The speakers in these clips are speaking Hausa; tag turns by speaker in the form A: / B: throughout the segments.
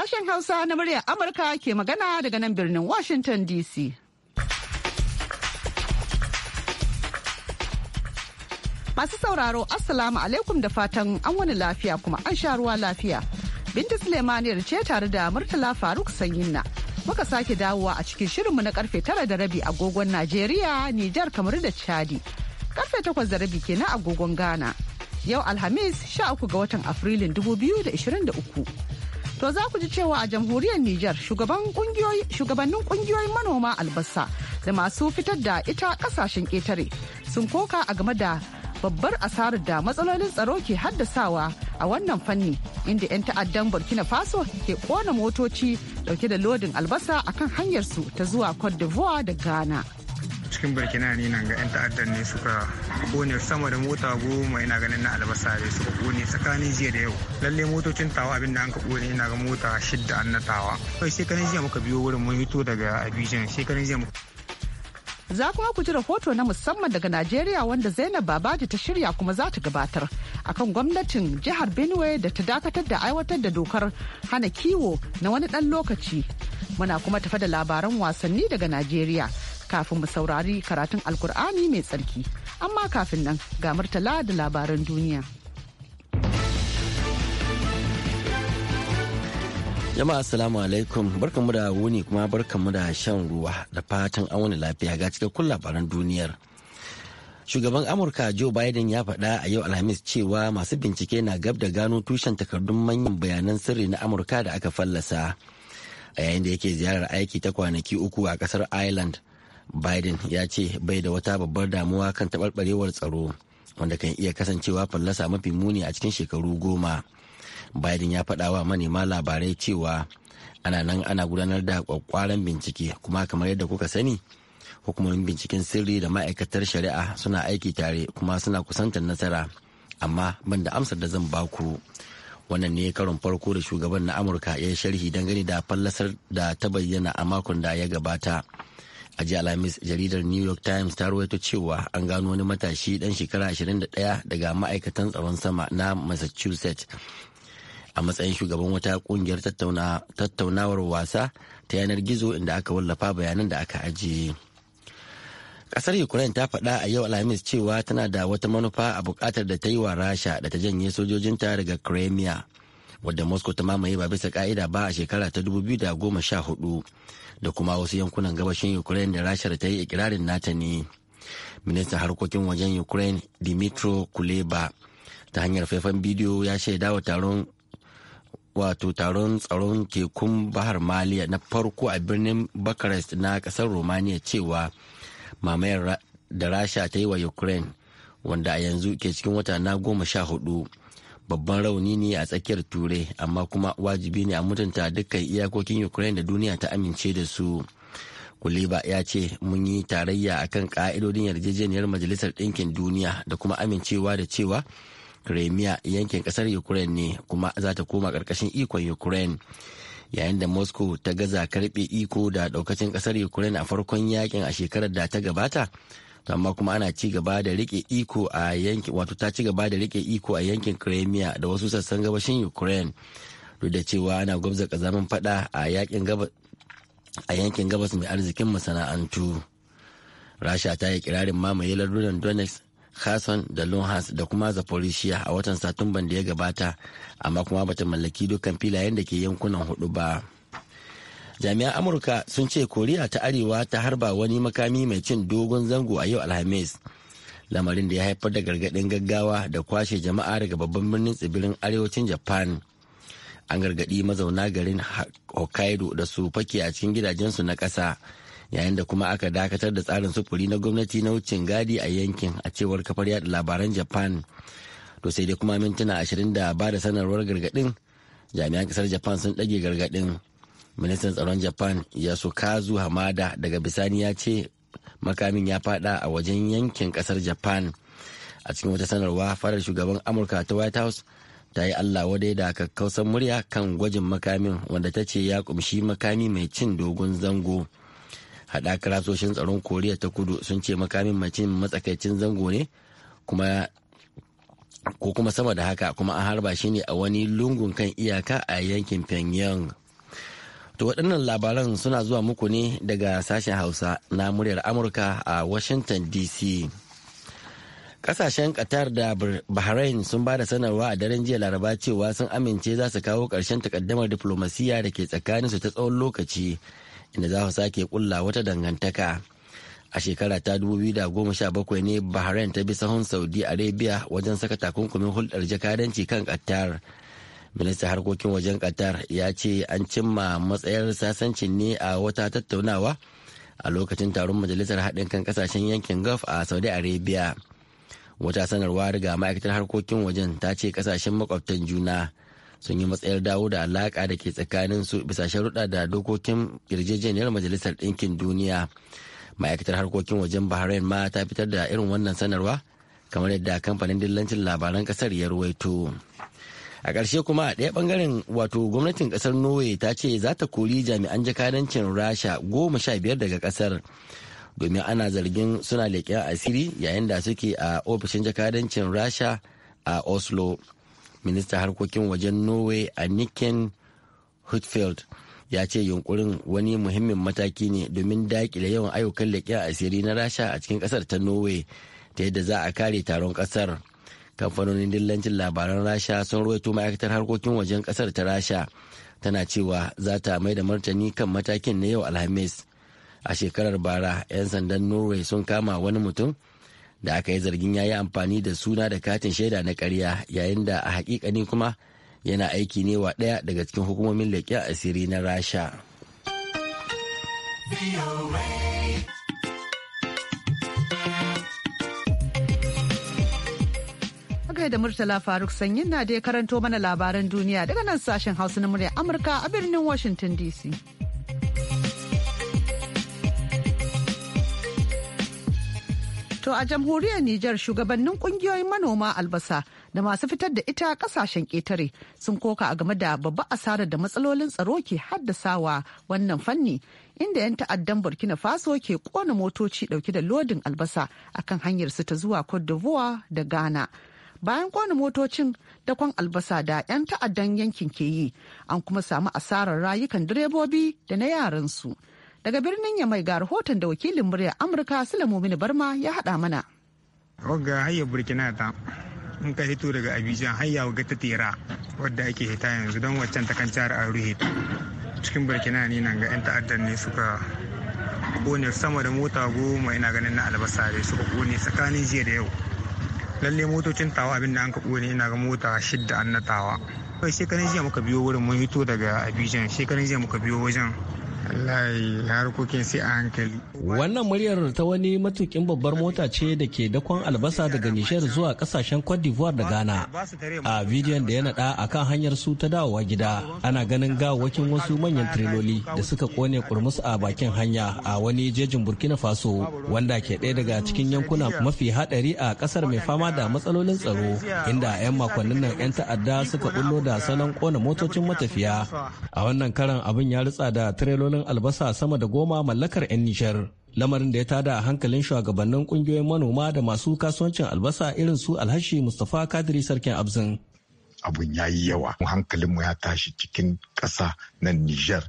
A: Sashen Hausa na muryar Amurka ke magana daga nan birnin Washington DC. Masu sauraro, Assalamu alaikum da fatan an wani lafiya kuma an sha ruwa lafiya. Binta Sulemaniyar ce tare da Murtala Faruk Sanyinna. Muka sake dawowa a cikin shirinmu na karfe tara da rabi agogon Najeriya, Nijar kamar da Chadi. Karfe takwas da rabi kenan agogon Ghana. Yau Alhamis sha uku ga watan Afrilun 2023. To za ku ji cewa a jamhuriyar Nijar shugabannin kungiyoyin manoma albasa da masu fitar da ita kasashen ƙetare sun koka a game da babbar asarar da matsalolin tsaro ke haddasawa a wannan fanni inda 'yan ta'addan burkina faso ke kona motoci dauke da lodin albasa akan hanyarsu ta zuwa cote d'ivoire da ghana
B: cikin burkina ne nan ga 'yan ta'addar ne suka kone sama da mota goma ina ganin na albasa ne suka kone tsakanin jiya da yau lalle motocin tawa abin da an ka kone ina ga mota shidda an na tawa kai shekaran jiya muka biyo wurin mun hito daga abijan shekaran jiya muka
A: za kuma ku ji rahoto na musamman daga Najeriya wanda Zainab Babaji ta shirya kuma za ta gabatar akan gwamnatin jihar Benue da ta dakatar da aiwatar da dokar hana kiwo na wani dan lokaci. Muna kuma tafa da labaran wasanni daga Najeriya kafin mu saurari karatun alkur'ani mai tsarki amma kafin nan ga murtala da labaran duniya
C: jama'a assalamu alaikum barkanmu da wuni kuma barkanmu da shan ruwa da fatan an wani lafiya ga cikakkun labaran duniyar shugaban amurka joe biden ya faɗa a yau alhamis cewa masu bincike na gab da gano tushen takardun manyan bayanan sirri na amurka da aka fallasa a yayin da yake ziyarar aiki ta kwanaki uku a kasar ireland biden ya ce bai da wata babbar damuwa kan taɓarɓarewar tsaro wanda kan iya kasancewa fallasa mafi muni a cikin shekaru goma biden ya faɗa wa manema labarai cewa ana nan ana gudanar da kwakwaran bincike kuma kamar yadda kuka sani hukumomin binciken sirri da ma'aikatar shari'a suna aiki tare kuma suna kusantar nasara amma ban da amsar da zan ba ku. wannan ne karon farko da shugaban na amurka ya yi sharhi dangane da fallasar da ta bayyana a makon da ya gabata a ji alhamis jaridar new york times ta ruwaito cewa an gano wani matashi dan shekara 21 daga ma'aikatan tsaron sama na massachusetts a matsayin shugaban wata kungiyar tattaunawar wasa ta yanar gizo inda aka wallafa bayanan da aka ajiye kasar ukraine ta faɗa a yau alhamis cewa tana da wata manufa a bukatar da ta yi wa rasha da ta janye sojojinta daga crimea wadda moscow ta mamaye ba bisa ka'ida ba a shekara ta 2014 da kuma wasu yankunan gabashin ukraine da rashar ta yi ikirarin nata ne ministan harkokin wajen ukraine dimitro kuleba ta hanyar faifan bidiyo ya shaida wa taron wato taron tsaron tekun bahar maliya na farko a birnin bucharest na kasar romania cewa mamayar da rasha ta yi wa ukraine wanda a yanzu ke cikin wata na goma sha hudu babban rauni ne a tsakiyar turai amma kuma wajibi ne a mutunta dukkan iyakokin ukraine da duniya ta amince da su kuliba ya ce mun yi tarayya akan ka'idodin yarjejeniyar majalisar ɗinkin duniya da kuma amincewa da cewa crimea yankin ƙasar ukraine ne kuma za ta koma ƙarƙashin ikon ukraine yayin da moscow ta gaza karɓe iko da ɗaukacin ƙasar ukraine a farkon yakin a shekarar da ta gabata amma kuma ana ci gaba da rike iko a yankin wato ta ci gaba da rike iko a yankin Crimea da wasu sassan gabashin Ukraine duk da cewa ana gwabza kazamin fada a yakin a yankin gabas mai arzikin masana'antu rasha ta yi kirarin mamaye lardunan donetsk kherson da luhansk da kuma Zaporizhia a watan satumban da ya gabata amma kuma bata mallaki dukkan filayen da ke yankunan hudu ba. jami'an amurka sun ce koriya ta arewa ta harba wani makami mai cin dogon zango a yau alhamis lamarin da ya haifar da gargaɗin gaggawa da kwashe jama'a daga babban birnin tsibirin arewacin japan an gargaɗi mazauna garin hokkaido da su fake a cikin gidajensu na ƙasa yayin da kuma aka dakatar da tsarin sufuri na gwamnati na wucin gadi a yankin a cewar kafar yada labaran japan to sai dai kuma mintuna ashirin da ba da sanarwar gargaɗin jami'an ƙasar japan sun ɗage gargaɗin ministan tsaron japan yasukazu hamada daga bisani ya ce makamin ya fada a wajen yankin kasar japan a cikin wata sanarwa farar shugaban amurka ta white house ta yi allah wadai da kakkausan murya kan gwajin makamin wanda ta ce ya kumshi makami mai cin dogon zango haɗakar rasoshin tsaron koriya ta kudu sun ce makamin mai cin matsakaicin zango ne kuma ko kuma sama da haka kuma an harba shi ne a wani lungun kan iyaka a yankin pyongyang To waɗannan labaran suna zuwa muku ne daga sashen Hausa na muryar Amurka a Washington DC. Ƙasashen Qatar da Bahrain sun ba da sanarwa a daren jiya Laraba cewa sun amince za su kawo ƙarshen takaddamar diflomasiyya da ke tsakaninsu ta tsawon lokaci inda za su sake ƙulla wata dangantaka. A shekara ta 2017 ne Bahrain ta bi sahun Saudi Arabia wajen saka takunkumin hulɗar jakadanci kan Qatar. ministan harkokin wajen qatar ya ce an cimma matsayar sasancin ne a wata tattaunawa a lokacin taron majalisar haɗin kan kasashen yankin gulf a saudi arabia wata sanarwa daga ma'aikatar harkokin wajen ta ce kasashen makwabtan juna sun yi matsayar dawo da alaƙa da ke tsakanin su bisa sharuɗa da dokokin yarjejeniyar majalisar ɗinkin duniya ma'aikatar harkokin wajen bahrain ma ta fitar da irin wannan sanarwa kamar yadda kamfanin dillancin labaran ƙasar ya ruwaito. a ƙarshe kuma a ɗaya ɓangaren wato gwamnatin ƙasar norway ta ce za ta kori jami'an jakadancin rasha goma sha biyar daga ƙasar domin ana zargin suna leƙen asiri yayin da suke a ofishin jakadancin rasha a oslo minista harkokin wajen norway a niken hutfeld ya ce yunkurin wani muhimmin mataki ne domin daƙile yawan ayyukan leƙen asiri na rasha a cikin ƙasar ta norway ta yadda za a kare taron ƙasar kamfanonin dillancin labaran rasha sun ruwaito ma'aikatar harkokin wajen kasar ta rasha tana cewa za ta mai da martani kan matakin na yau alhamis a shekarar bara 'yan sandan norway sun kama wani mutum da aka yi zargin ya yi amfani da suna da katin shaida na karya yayin da a hakikani kuma yana aiki ne wa ɗaya daga cikin hukumomin a asiri na rasha.
A: da Murtala Faruk Sanyin na da ya karanto mana labaran duniya daga nan sashen Hausa na murya Amurka a birnin Washington DC. To a jamhuriyar Nijar shugabannin kungiyoyin manoma albasa da masu fitar da ita kasashen ketare sun koka a game da babba asarar da matsalolin tsaro ke haddasawa wannan fanni inda 'yan ta'addan Burkina Faso ke kona motoci dauke da lodin albasa akan hanyar su ta zuwa Cote d'Ivoire da Ghana. bayan kwana motocin da kwan albasa da 'yan ta'addan yankin ke yi an kuma samu asarar rayukan direbobi da na yaransu daga birnin yamai ga rahoton da wakilin murya amurka silamomini barma ya hada mana
B: wagga hayar burkina ta in ka hito daga abijan hayya ga ta tera wadda ake hita yanzu don waccan ta kancar a ruhe cikin burkina ne nan ga 'yan ta'addan ne suka kone sama da mota goma ina ganin na albasa da suka kone tsakanin jiya da yau lalle motocin tawa abin da an ka ne ina ga mota shidda an na tawa kai shekaran jiya muka biyo wurin mun hito daga abijan shekaran jiya muka biyo wajen
D: wallahi harkokin sai a hankali wannan muryar ta wani matukin babbar mota ce da ke dakon albasa daga nishar zuwa kasashen cote d'ivoire da ghana a bidiyon da ya nada a kan hanyar su ta dawowa gida ana ganin gawakin wasu manyan triloli da suka kone kurmus a bakin hanya a wani jejin burkina faso wanda ke ɗaya daga cikin yankuna mafi haɗari a ƙasar mai fama da matsalolin tsaro inda 'yan makonnin nan 'yan ta'adda suka bullo da salon kona motocin matafiya a wannan karan abin ya ritsa da trilolin buhunan albasa sama da goma mallakar 'yan Nijar. Lamarin da ya tada a hankalin shugabannin kungiyoyin manoma da masu kasuwancin albasa irin su Alhashi Mustapha Kadiri Sarkin Abzin.
E: Abun ya yi yawa, hankalinmu ya tashi cikin ƙasa na Nijar.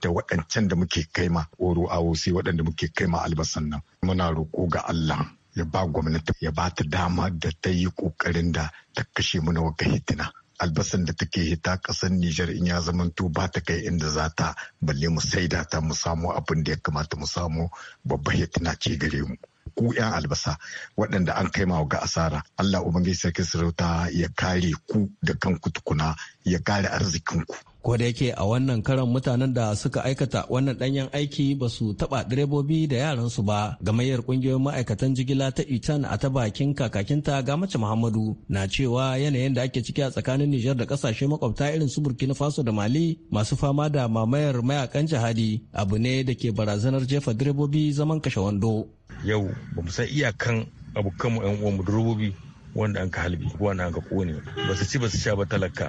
E: da waɗancan da muke kaima oro sai waɗanda muke kaima albasan nan muna roƙo ga Allah ya ba gwamnati ya ba ta dama da ta yi ƙoƙarin da ta kashe mu na hitina albasan da take ta ƙasar Nijar in ya zamanto ba ta kai inda za ta balle mu saida ta mu samu abin da ya kamata mu samu babba ya tana ce gare mu. ku 'yan albasa waɗanda an kai ga asara Allah Ubangiji Sarki Sarauta ya kare ku da kanku tukuna ya kare arzikinku
D: ko da yake a wannan karan mutanen da suka aikata wannan danyen aiki ba su taba direbobi da yaran su ba gamayyar kungiyoyin ma'aikatan jigila ta itan a ta bakin kakakinta ga mace muhammadu na cewa yanayin da ake ciki a tsakanin nijar da kasashe makwabta irin su burkina faso da mali masu fama da mamayar mayakan jihadi abu ne da ke barazanar jefa direbobi zaman kashe wando
E: yau ba mu san iyakan abokanmu yan mu direbobi wanda an ka halbi wanda an ka kone ba su ci ba su sha ba talaka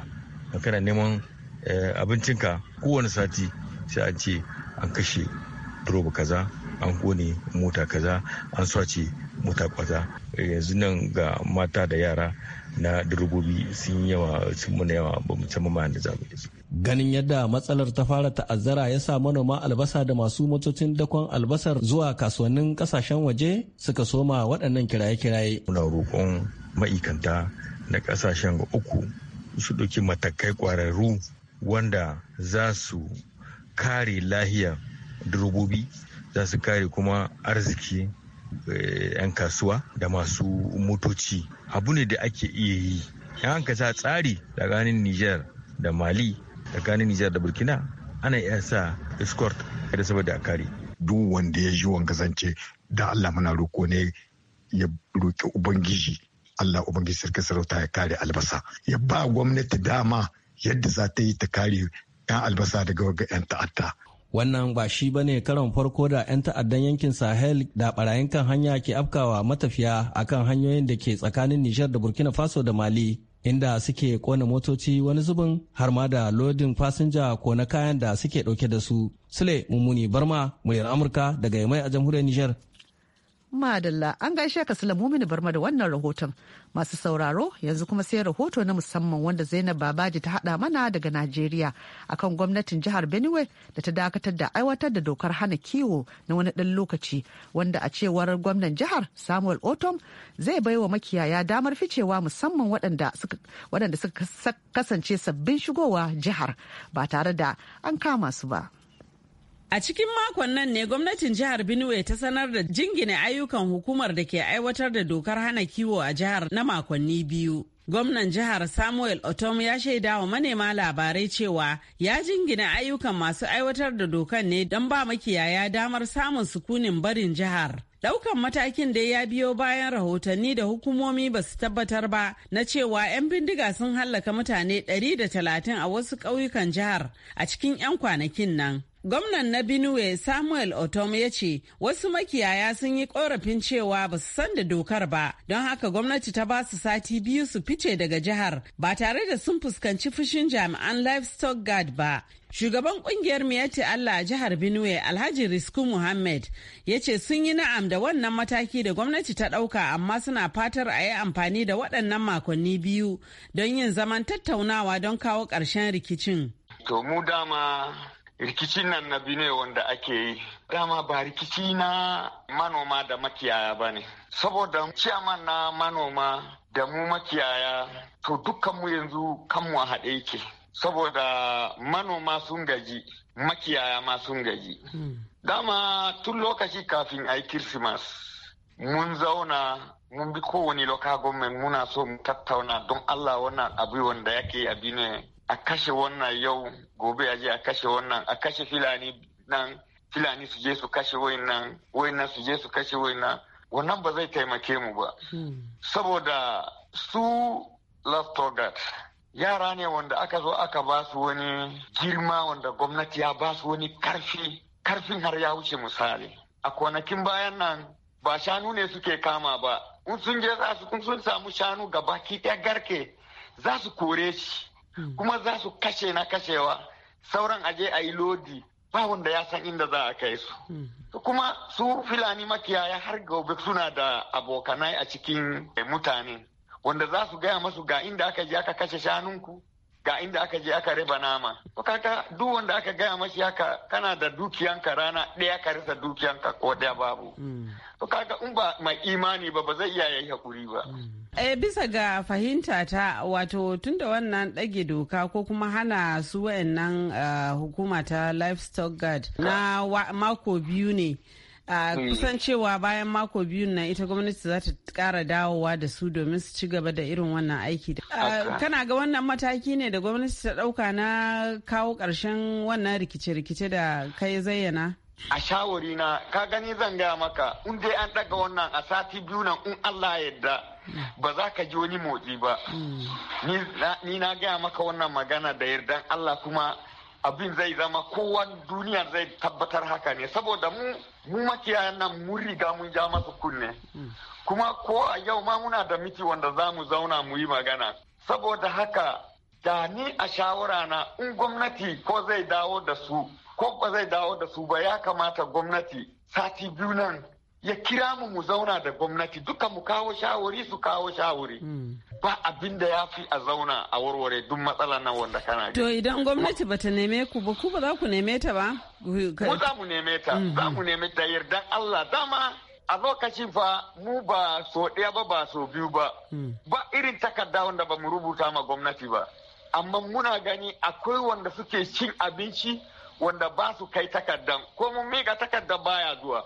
E: kana neman Eh, abincinka kowane sati sai an ce an kashe roba kaza an kone mota kaza an swace mota kaza yanzu nan ga mata da yara na direbobi sun yawa sun muna yawa ba mu ma da zamu
D: ganin yadda matsalar ta fara ta'azzara ya sa manoma albasa da masu motocin dakon albasar zuwa kasuwannin kasashen waje suka soma waɗannan kiraye-kiraye
E: muna roƙon ma'ikanta na kasashen uku su ɗauki matakai ƙwararru wanda za su kare lahiya rububi za su kare kuma arziki eh, 'yan kasuwa da masu motoci abu ne da ake iya yi yan hanka sa tsari tsakanin niger da mali tsakanin niger da burkina ana iya sa escort da saboda a kare duk wanda ya yi wanga zance da allah muna roko ne ya roki ubangiji allah ubangiji sarki sarauta ya kare albasa ya ba gwamnati dama yadda za ta yi ta kare 'yan albasa daga waga 'yan ta'adda.
D: Wannan ba shi ba ne karon farko da 'yan ta'addan yankin Sahel da barayin kan hanya ke afkawa matafiya a kan hanyoyin da ke tsakanin Nijar da Burkina Faso da Mali, inda suke kona motoci wani zubin har ma da lodin fasinja ko na kayan da suke ɗauke da su. Sule Mummuni Barma, muryar Amurka daga Yamai a jamhuriyar Nijar.
A: Madalla an gaishe ka mini Barma da wannan rahoton. Masu sauraro yanzu kuma sai rahoto na musamman wanda Zainab Babaji ta hada mana daga Najeriya akan gwamnatin jihar Benue da ta dakatar da aiwatar da dokar hana kiwo na wani ɗan lokaci wanda a cewar gwamnan jihar Samuel Otom zai baiwa makiyaya damar ficewa musamman waɗanda suka kasance sabbin shigowa jihar ba tare da an kama su ba.
F: A cikin makon nan ne gwamnatin jihar Benue ta sanar da jingine ayyukan hukumar da ke aiwatar da dokar hana kiwo a jihar na makonni biyu. Gwamnan jihar Samuel Otom ya shaida wa manema labarai cewa ya jingina ayyukan masu aiwatar da dokan ne don ba makiyaya damar samun sukunin barin jihar. Daukan matakin da ya biyo bayan rahotanni da hukumomi ba su tabbatar ba na cewa 'yan bindiga sun hallaka mutane 130 a wasu ƙauyukan jihar a cikin 'yan kwanakin nan. Gwamnan na Benue Samuel Otom ya ce wasu makiyaya sun yi korafin cewa ba su san da dokar ba, don haka gwamnati ta ba su sati biyu su fice daga jihar ba tare da sun fuskanci fushin jami'an livestock guard ba. Shugaban kungiyar Miyati Allah a jihar Benue Alhaji Risku Muhammad ya ce sun yi na'am da wannan mataki da gwamnati ta ɗauka amma suna fatar a yi amfani da waɗannan makonni biyu don yin zaman tattaunawa don kawo ƙarshen rikicin.
B: To mu dama Rikici nan na biyu ne wanda ake yi dama ba rikici na manoma da makiyaya ba ne saboda ciyaman na manoma da mu makiyaya to dukkanmu yanzu kanmu a haɗe yake saboda manoma sun gaji makiyaya ma sun gaji hmm. dama tun lokaci kafin a yi kirsimas mun zauna mun bi kowane local government muna so mu tattauna don allah wannan abu wanda yake a bine a kashe wannan yau gobe a je a kashe wannan a kashe filani nan filani su je su kashe wayannan wayannan su je su kashe wayannan wannan ba zai taimake mu ba hmm. saboda su love yara ne wanda aka zo aka ba su wani girma wanda gwamnati ya ba su wani karfi karfin har ya wuce misali a kwanakin bayan nan ba shanu ne suke kama ba in sun je za su kun sun samu shanu gaba ki garke za su kore shi Mm. kuma za su kashe na kashewa sauran aje a yi lodi ba wanda ya san inda za a kai su mm. kuma su filani makiyaya har gobe suna da abokanai a cikin mutane wanda za su gaya masu ga inda aka je aka kashe shanunku ga inda aka je aka riba nama to kaka duk wanda aka gaya mashi haka kana da dukiyanka rana ɗaya ka rasa dukiyanka ko ɗaya babu hmm. to kaka in ba mai imani ba ba zai iya yayi hakuri ba hmm.
F: Eh, bisa ga fahimta ta wato tunda wannan ɗage doka ko kuma hana su wayannan uh, hukuma ta livestock guard na mako biyu ne Mm. kusan cewa bayan mako biyu na ita gwamnati za ta kara dawowa da su domin su ci gaba da irin wannan aiki kana ga wannan mataki ne da gwamnati ta dauka na kawo karshen wannan rikice-rikice da kai zayyana
B: a shawari na ka gani zan gaya maka in dai an daga wannan a sati biyu nan in Allah yadda ba za ka ji wani motsi ba mm. ni na gaya maka wannan magana da yardan Allah kuma abin zai zama kowa duniya zai tabbatar haka ne saboda mu mu makiyayan nan mu riga mun ja masa kunne hmm. kuma ko a yau ma muna da miti wanda za mu zauna mu yi magana saboda haka da ni a shawara na in gwamnati ko zai dawo da su ko ba zai dawo da su ba ya kamata gwamnati sati biyu nan ya kira mu mu zauna da gwamnati duka mu kawo shawari su kawo shawari hmm. ba abin da ya fi a zauna a warware duk matsala na wanda kana to idan gwamnati
F: ba ta neme ku ba ku ba za ku neme ta ba mu za
B: mu neme ta hmm. za mu neme ta yardan Allah dama a lokaci fa mu ba so ɗaya ba ba so biyu ba hmm. ba irin takarda wanda ba mu rubuta ma gwamnati ba amma muna gani akwai wanda suke cin abinci wanda ba su kai takardan ko mun miƙa takarda baya zuwa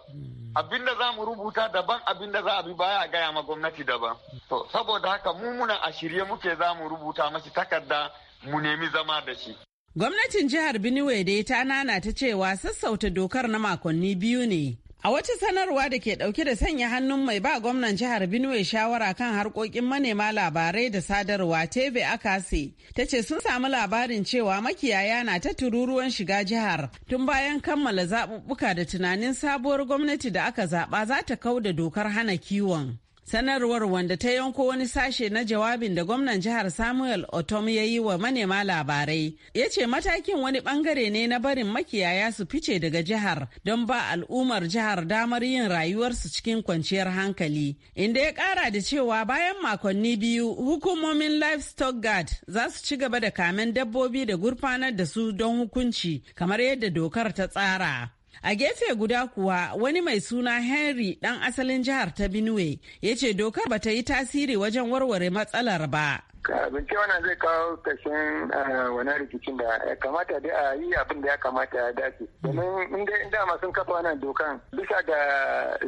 B: abinda za mu rubuta daban abinda za a bi baya a gaya ma gwamnati daban to saboda haka mu muna a shirye muke za mu rubuta mashi takarda mu nemi zama da shi
F: gwamnatin jihar benue dai ta nana ta cewa sassauta dokar na makonni biyu ne A wata sanarwa da ke dauke da sanya hannun mai ba gwamnan jihar Benue shawara kan harkokin manema labarai da sadarwa Tebe Akase ta ce sun samu labarin cewa makiyaya na ta tururuwan shiga jihar tun bayan kammala zaɓuɓɓuka da tunanin sabuwar gwamnati da aka zaɓa za ta kau da dokar hana kiwon. Sanarwar wanda ta yanko wani sashe na jawabin da gwamnan jihar Samuel Otom ya yi wa manema labarai ya ce matakin wani bangare ne na barin makiyaya su fice daga jihar don ba al'ummar jihar damar yin rayuwarsu cikin kwanciyar hankali. Inda ya kara da cewa bayan makonni biyu hukumomin livestock guard za su ci gaba da kamen dabbobi da gurfanar da su don hukunci kamar yadda dokar ta tsara. A gefe guda kuwa wani mai suna Henry ɗan asalin jihar ta Benue ya ce dokar ba ta yi tasiri wajen warware matsalar ba.
G: bincike wannan zai kawo kashin eh, wani rikicin da ya kamata da a yi abin da ya kamata ya dace domin inda in dama sun kafa wannan dokan bisa ga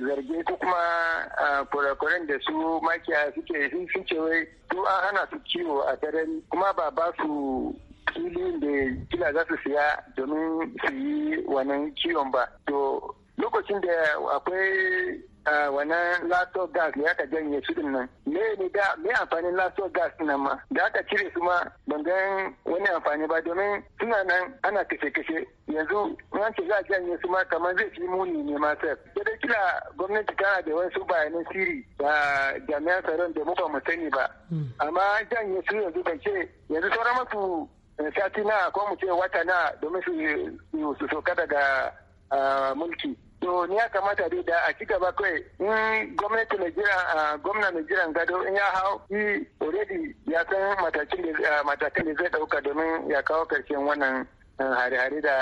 G: zarge ko kuma eh, kurakuren da su makiya suke sun ce wai an hana su kiwo a sarari kuma ba ba su filin da kila za su siya domin su yi wannan kiwon ba to lokacin da akwai wannan lasso gas da aka janye su din nan me ne da me amfanin lasso gas nan ma da aka cire su ma ban gan wani amfani ba domin suna nan ana kashe kashe yanzu an ce za a janye su ma kamar zai fi muni ne ma sai da kila gwamnati tana da wasu bayanan siri da jami'an tsaron da mu ba mu sani ba hmm. amma janye su yanzu ban ce yanzu sauran masu sati na ko mu ce wata na domin su soka daga mulki to ni ya kamata dai da a ci gaba kai in gwamnati mai jira gwamna na jiran gado in ya hau yi already ya san matakan da zai dauka domin ya kawo karshen wannan hare-hare da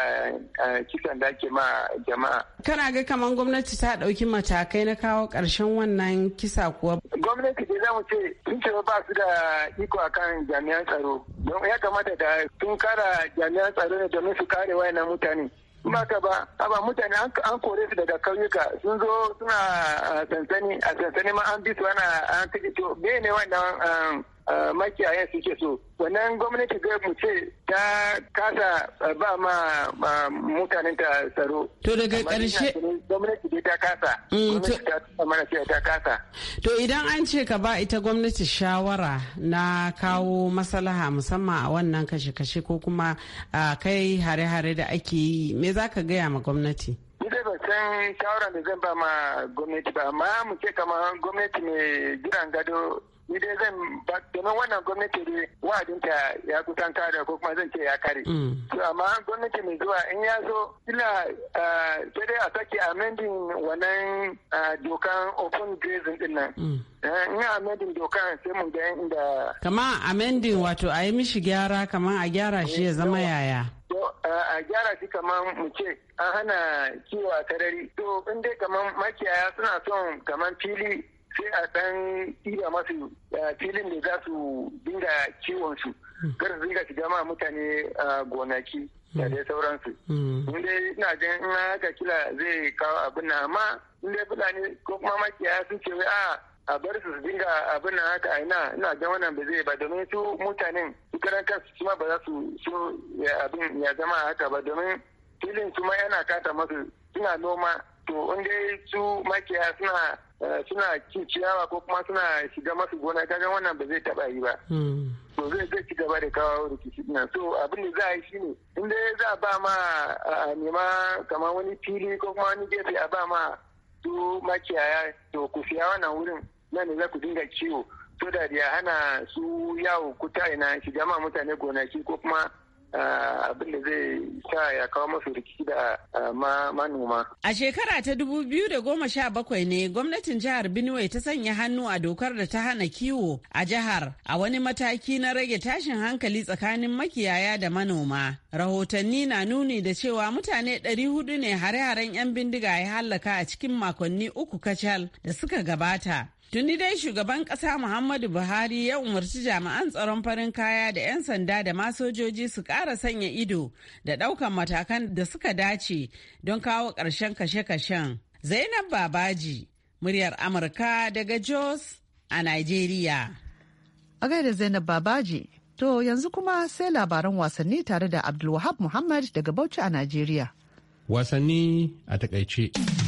G: kisan da ake ma jama'a.
F: Kana ga kamar gwamnati ta ɗauki matakai na kawo karshen wannan kisa kuwa?
G: Gwamnati da za ce sun ce ba su da iko akan jami'an tsaro. don ya kamata da sun kara jami'an tsaro ne domin su kare wayannan mutane kuma ka ba haba mutane an kore su daga kauyuka sun zo suna ah, sansani a sansani ma an bi su ana an kaji to wannan ah, makiyayan suke so wannan gwamnati ga mu ce ta kasa ba ma mutanen ta tsaro to daga karshe gwamnati dai ta kasa mm, gwamnati ta ta kasa
F: to idan an ce ka ba ita gwamnati shawara na kawo maslaha musamman a wannan kashe-kashe ko kuma kai hare-hare da ake yi me za ka gaya ma gwamnati
G: san shawara da zan ba ma gwamnati ba amma mu ce kamar gwamnati mai jiran gado ni dai zan ba domin wannan gwamnati ne wa'adinta ya kusan kare ko kuma zan ce ya kare. Mm. To amma gwamnati mai zuwa in ya zo ina ah, sai dai a sake amending wannan ah, dokan open grazing din nan. Mm. Eh, in amendin dokan sai mun ga inda.
F: Kama amending wato a yi mishi gyara kama a gyara shi ya zama eh, yaya.
G: Ah, a gyara shi kamar mu ce an hana kiwo a sarari to in dai kamar makiyaya suna son kamar fili sai a san iya masu filin da za su dinga kiwon su hmm. kar su dinga shiga ma mutane gonaki da hmm. dai sauransu hmm. inda dai ina ganin in haka kila zai kawo abin na amma in dai fulani ko kuma makiya sun ce a a bar su dinga abin nan haka aina ina jan wannan ba zai ba domin su mutanen su karan kansu su ma ba za su so abin ya zama haka ba domin filin su ma yana kata masu suna noma to inda su makiya suna Eh, suna cin ciyawa ko kuma suna shiga masu gona kaga wannan ba zai taba yi ba hmm. to zai zai ci gaba da kawo rikici nan so abin da za a yi shine in dai za a ba ma a nema kamar wani fili ko kuma wani gefe a ba ma su makiyaya to ku siya wannan wurin nan ne za ku dinga ciwo so da ya hana su yawo kuta ina shiga ma mutane gonaki ko kuma abin da zai sa ya kawo masu rikici da manoma.
F: A shekara ta dubu biyu da goma sha bakwai ne gwamnatin jihar Benue ta sanya hannu a dokar da ta hana kiwo a jihar a wani mataki na rage tashin hankali tsakanin makiyaya da manoma. Rahotanni na nuni da cewa mutane ɗari hudu ne hare-haren 'yan bindiga ya hallaka a cikin makonni uku kacal da suka gabata Tuni dai shugaban ƙasa Muhammadu Buhari ya umarci jami'an tsaron farin kaya da 'yan sanda da ma sojoji su ƙara sanya ido da ɗaukan matakan da suka dace don kawo ƙarshen kashe-kashen. Zainab Babaji, muryar Amurka daga Jos a
A: Najeriya. A gaida Zainab Babaji, to yanzu kuma sai labaran wasanni tare da Abdulwahab Muhammad daga Bauchi a Najeriya.
E: Wasanni a
H: takaice.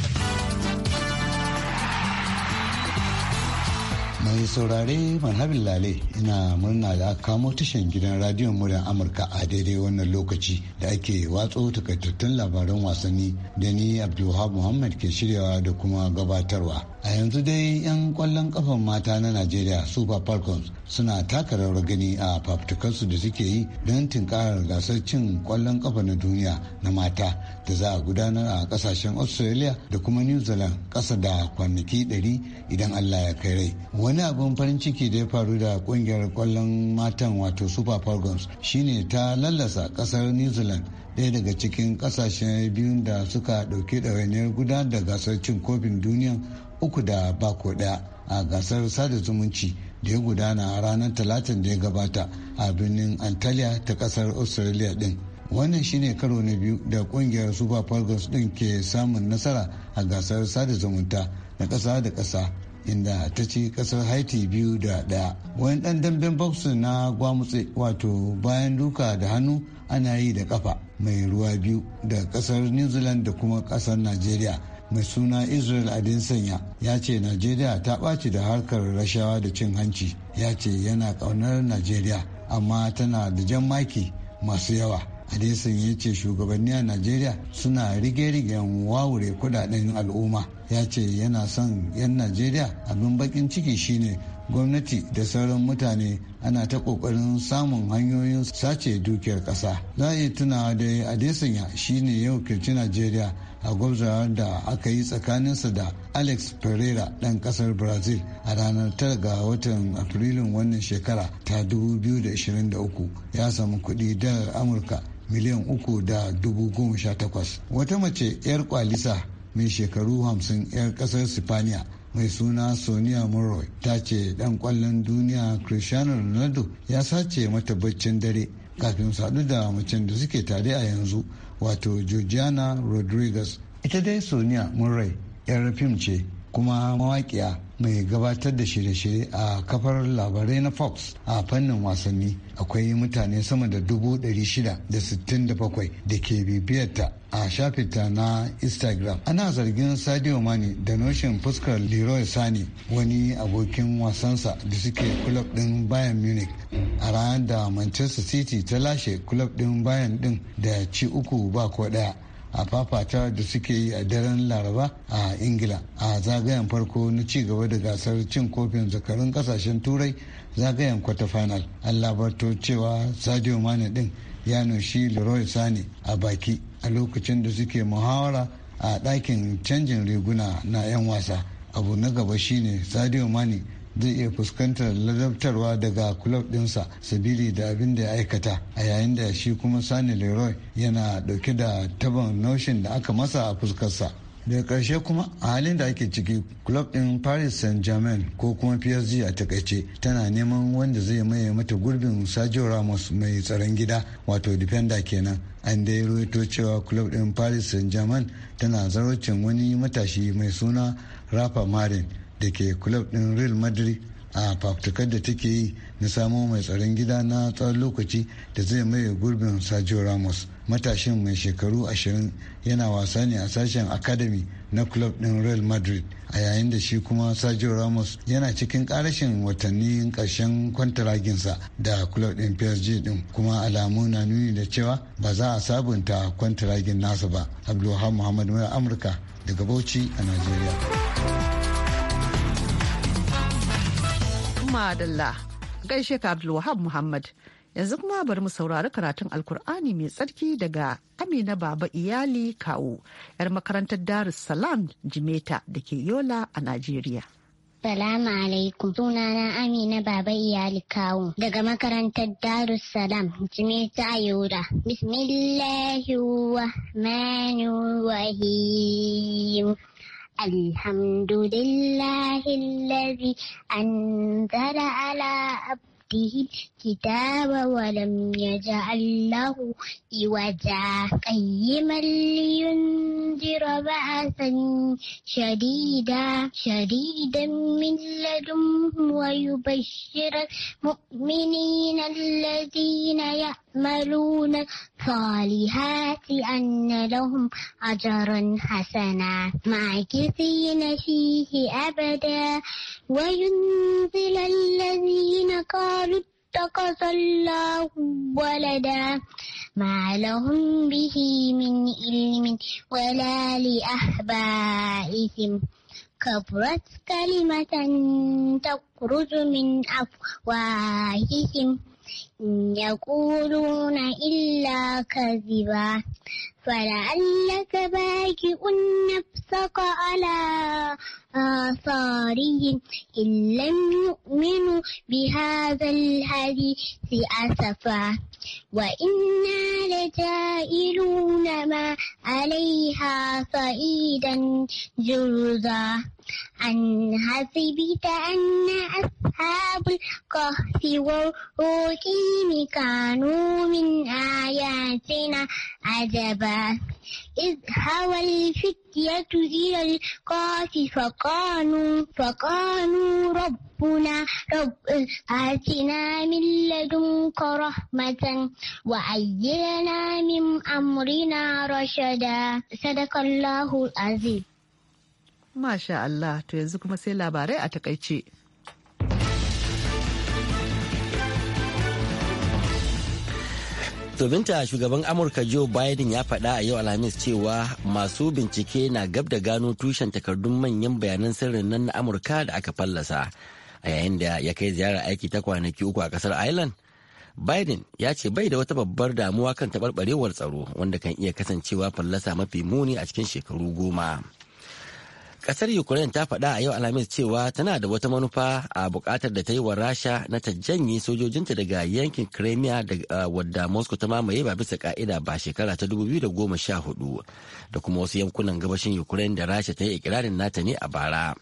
H: Mai saurare Marhabin Lale ina murna da aka kamo tashan gidan radiyon muryar Amurka a daidai wannan lokaci da ake watso takaitattun labaran wasanni da ni Abdulwahab Muhammad ke shiryawa da kuma gabatarwa. a yanzu dai 'yan kwallon kafan mata na najeriya super falcons suna taka rawar gani a fafutukarsu da suke yi don tunkarar gasar cin kwallon kafa na duniya na mata da za a gudanar a kasashen australia da kuma new zealand kasa da kwanaki 100 idan allah ya kai rai wani abin farin ciki da ya faru da kungiyar kwallon matan wato super falcons shine ta lallasa kasar new zealand ɗaya daga cikin kasashen biyun da suka ɗauki ɗawainiyar gudanar da gasar cin kofin duniya uku da bako ɗaya a gasar sada zumunci da ya gudana ranar talatin da ya gabata a birnin antalya ta kasar australia din wannan shine karo na biyu da kungiyar super falcons din ke samun nasara a gasar sada zumunta na kasa da kasa inda ta ci kasar haiti biyu da daya wani dan damben boxing na gwamutse wato bayan duka da hannu ana yi da kafa mai ruwa biyu da kasar new zealand da kuma kasar nigeria mai suna israel adinsanya ya ce najeriya ta ɓaci da harkar rashawa da cin hanci ya ce yana ƙaunar najeriya amma tana da jan maki masu yawa adinsanya ya ce shugabanni a najeriya suna rige-rigen wawure kudaden al'umma ya ce yana son 'yan najeriya abin bakin ciki shine gwamnati da sauran mutane ana ta kokarin samun hanyoyin sace dukiyar kasa za a iya tunawa da adesanya shine yau kirci najeriya a gwabza da aka yi tsakaninsa da alex pereira ɗan ƙasar brazil a ranar tara ga watan afrilun wannan shekara ta 2023 ya samu kuɗi dalar amurka miliyan uku da dubu goma sha takwas wata mace 'yar kwalisa mai shekaru hamsin 'yar ƙasar sipaniya mai suna sonia murray ta ce ɗan ƙwallon duniya cristiano ronaldo ya sace mata baccin dare kafin su da macen da suke tare a yanzu wato georgiana rodriguez ita dai sonia murray yar fim ce kuma mawaƙiya mai gabatar da shirye-shirye a kafar labarai na fox a fannin wasanni akwai mutane sama da dubu ɗari shida da sittin da bakwai da ke bibiyarta a shafinta na instagram ana zargin sadio mani da noshin fuskar leroy sani wani abokin wasansa da suke kulob din bayan munich a ranar da manchester city ta lashe kulob din bayan din da ci uku ba ko ɗaya a fafata da suke yi a daren laraba a ingila a zagayen farko na ci gaba da gasar cin kofin zakarun kasashen turai zagayen kwata final an labarto cewa sadio mane din ya nushi leroy sane a baki a lokacin da suke muhawara a ɗakin canjin riguna na 'yan wasa abu na gaba shine sadio mane zai iya fuskantar ladabtarwa daga kulob sa sabili da abin da ya aikata a yayin da shi kuma sani leroy yana dauke da taban notion da aka masa a fuskarsa daga karshe kuma a halin da ake ciki club din paris saint-germain ko kuma psg a takaice tana neman wanda zai maye mata gurbin sergio ramos mai tsaron gida wato defender kenan an dai ruwaito cewa club din paris saint-germain tana zarocin wani matashi mai suna rafa marin da ke club din real madrid a fafutukar da take yi na samo mai tsaron gida na tsawon lokaci da zai maye gurbin Sergio Ramos. Matashin mai shekaru 20 yana wasa ne a sashen Academy na club din Real Madrid a yayin da shi kuma Sergio Ramos yana cikin karashin watanni karshen kwantaraginsa da club din PSG din kuma alamu na nuni da cewa ba za a sabunta kwantaragin nasa ba. Abdulhamid Muhammad Amurka daga Bauchi a Najeriya.
A: Adalla gaishe ka Abdulwahab Muhammad. Yanzu kuma bari mu saurari karatun Alkur'ani mai tsarki daga Amina Baba Iyali Kawo, 'yar makarantar Darus Salam Jimeta da ke Yola a Najeriya.
I: Salamu alaikum. Sunana Amina Baba Iyali Kawo daga makarantar Salam Jimeta Yola. Bismillahirrahmanirrahim. الحمد لله الذي أنزل على عبده الكتاب ولم يجعل له عوجا قيما لينذر بأسا شديدا شديدا من لدنه ويبشر المؤمنين الذين يأملون الصالحات أن لهم أجرا حسنا ماكثين فيه أبدا وينزل الذين قالوا اتخذ الله ولدا ما لهم به من علم ولا لأحبائهم كبرت كلمة تخرج من أفواههم يقولون إلا كذبا فلعلك باكئ نفسك على آثارهم إن لم يؤمنوا بهذا الحديث أسفا وإنا لجائلون ما عليها صعيدا جرذا عن حسبت أن أصحاب الكهف والرقيم كانوا من آياتنا عجبا إذ هوى الفتية إلى الكهف فقالوا فقالوا ربنا رب آتنا من لدنك رحمة وأيدنا من أمرنا رشدا صدق الله العظيم
A: Masha Allah to yanzu kuma sai labarai a takaice.
C: ta shugaban Amurka Joe Biden ya faɗa a yau Alhamis cewa masu bincike na gab da gano tushen takardun manyan bayanan sirrin nan na Amurka da aka fallasa a yayin da ya kai ziyarar aiki ta kwanaki uku a kasar Ireland. Biden ya ce bai da wata babbar damuwa kan taɓarɓarewar tsaro wanda kan iya kasancewa fallasa mafi muni a cikin shekaru goma. kasar Ukraine ta faɗa a yau Alhamis cewa tana da wata manufa a bukatar da ta yi wa Rasha na ta janye sojojinta daga yankin Crimea wadda Moscow ta mamaye ba bisa ka'ida ba shekara ta 2014 da kuma wasu yankunan gabashin Ukraine da Rasha ta yi ikirarin nata ne a bara.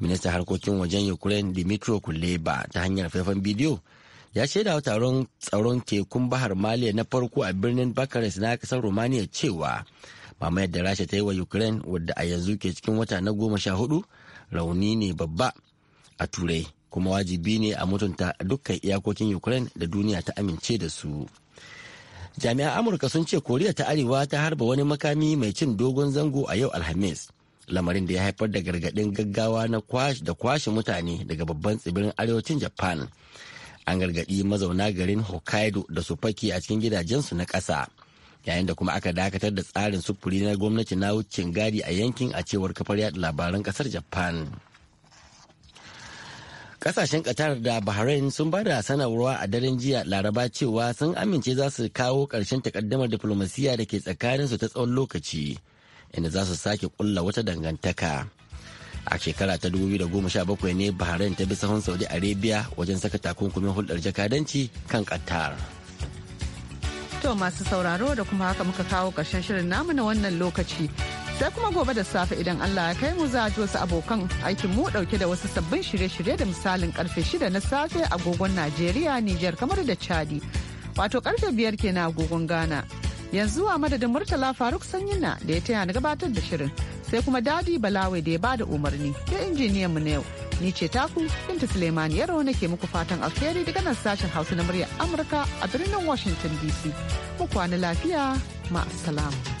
C: Ministan harkokin wajen Ukraine Dimitro Kuleba ta hanyar faifan bidiyo ya shaida wa taron tsaron tekun bahar Maliya na farko a birnin Bucharest na kasar Romania cewa mai da rasha ta yi wa ukraine wadda a yanzu ke cikin wata na goma sha hudu rauni ne babba a turai kuma wajibi ne a mutunta dukkan iyakokin ukraine da duniya ta amince da su jami'an amurka sun ce koriya ta arewa ta harba wani makami mai cin dogon zango a yau alhamis lamarin da ya haifar da gargaɗin gaggawa na kwash da kwashe mutane daga babban tsibirin arewacin japan an gargaɗi mazauna garin hokkaido da su a cikin gidajensu na ƙasa yayin da kuma aka dakatar da tsarin sufuri na gwamnati na wucin gadi a yankin a cewar kafar yada labaran kasar japan kasashen qatar da bahrain sun bada sanarwa a daren jiya laraba cewa sun amince za su kawo karshen takaddamar diflomasiyya da ke tsakaninsu ta tsawon lokaci inda za su sake kulla wata dangantaka a shekara ta 2017 ne bahrain ta bi sahun saudi arabia wajen saka takunkumin hulɗar jakadanci kan qatar
A: To masu sauraro da kuma haka muka kawo ƙarshen shirin namu na wannan lokaci. Sai kuma gobe da safe idan Allah ya kai mu za ji wasu abokan aikin mu dauke da wasu sabbin shirye-shirye da misalin karfe shida na safe agogon Najeriya, Nijar kamar da Chadi. Wato karfe biyar kenan agogon Ghana. Yanzu a madadin Murtala Faruk Sanyina da ya taya ni gabatar da shirin. Sai kuma Dadi Balawe da ya bada umarni ke injiniyan mu na yau. Ni ce taku Binta Suleiman Yaro nake muku fatan alheri daga nan sashen Hausa na murya Amurka a birnin Washington DC. Mu kwana lafiya, ma'asalam.